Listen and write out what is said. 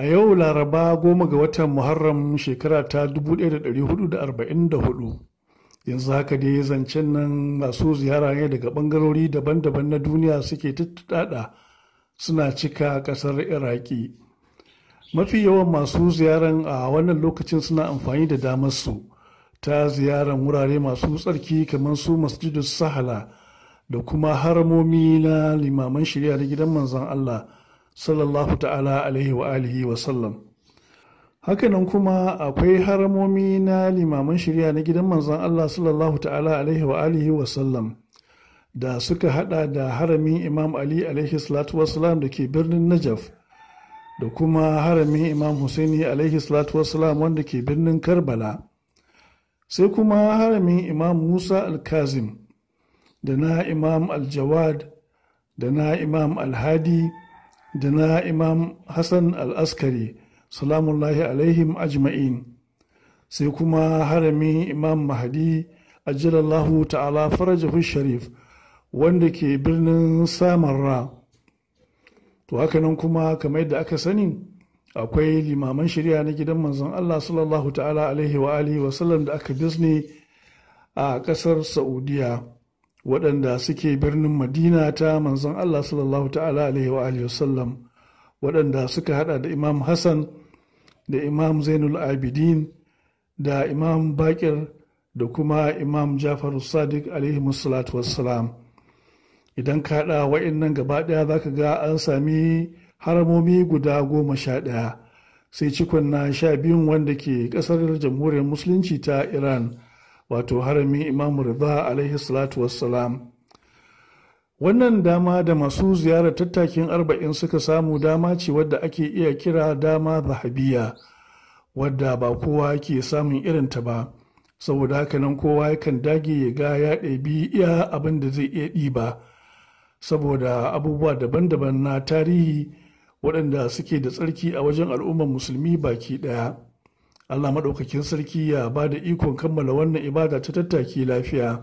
A yau Laraba goma ga watan Muharram shekara ta 1444 yanzu haka dai zancen nan masu ziyara ne daga bangarori daban-daban na duniya suke tattaɗa suna cika ƙasar Iraki. Mafi yawan masu ziyaran a wannan lokacin suna amfani da damar su ta ziyaran wurare masu tsarki kamar su masjidus sahala da kuma haramomi na limaman shirya da gidan manzon Allah. sallallahu ta'ala alaihi wa alihi wa sallam hakanan kuma akwai haramomi na limaman shirya na gidan manzon Allah sallallahu ta'ala alaihi wa alihi wa sallam da suka hada da haramin imam Ali alaihi salatu wassalam da ke birnin Najaf da kuma haramin imam Husaini alaihi salatu wassalam wanda ke birnin Karbala sai kuma haramin imam Musa al-Kazim da na imam al-Jawad da na imam al-Hadi da na imam hassan al-askari salamullahi alaihim ajma'in sai kuma haramin imam mahadi ajilallahu ta'ala farajahu sharif wanda ke birnin samarra to hakanan kuma kamar yadda aka sani akwai limaman shirya na gidan manzon Allah sallallahu ta'ala alaihi wa alihi wasallam da aka bisne a ƙasar Saudiya waɗanda suke birnin madina ta manzon allah sallallahu ta'ala alaihi wa alihi waɗanda suka hada da imam hassan da imam zainul abidin da imam bakir da kuma imam jafar sadiq alaihi musallatu wassalam idan ka hada wa'annan gaba ɗaya zaka ga an sami haramomi guda goma sha ɗaya sai cikon na sha biyun wanda ke ƙasar jamhuriyar musulunci ta iran wato harami imamu rida alaihi salatu wassalam wannan dama da masu ziyarar tattakin arba'in suka samu dama ce wadda ake iya kira dama zahabiya wadda ba kowa ke samun irinta ba saboda haka nan kowa kan dage ya ga ya ɗabi iya abin da zai iya ɗiba saboda abubuwa daban-daban na tarihi waɗanda suke da tsarki a wajen al'ummar musulmi baki ɗaya. Allah maɗaukakin sarki ya ba da ikon kammala wannan ibada ta tattaki lafiya.